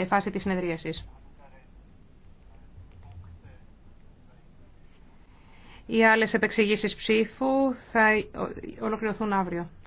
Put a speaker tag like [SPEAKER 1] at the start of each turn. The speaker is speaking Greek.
[SPEAKER 1] Ε, φάση της συνεδρίασης. Οι άλλες επεξηγήσεις ψήφου θα ε, ολοκληρωθούν αύριο.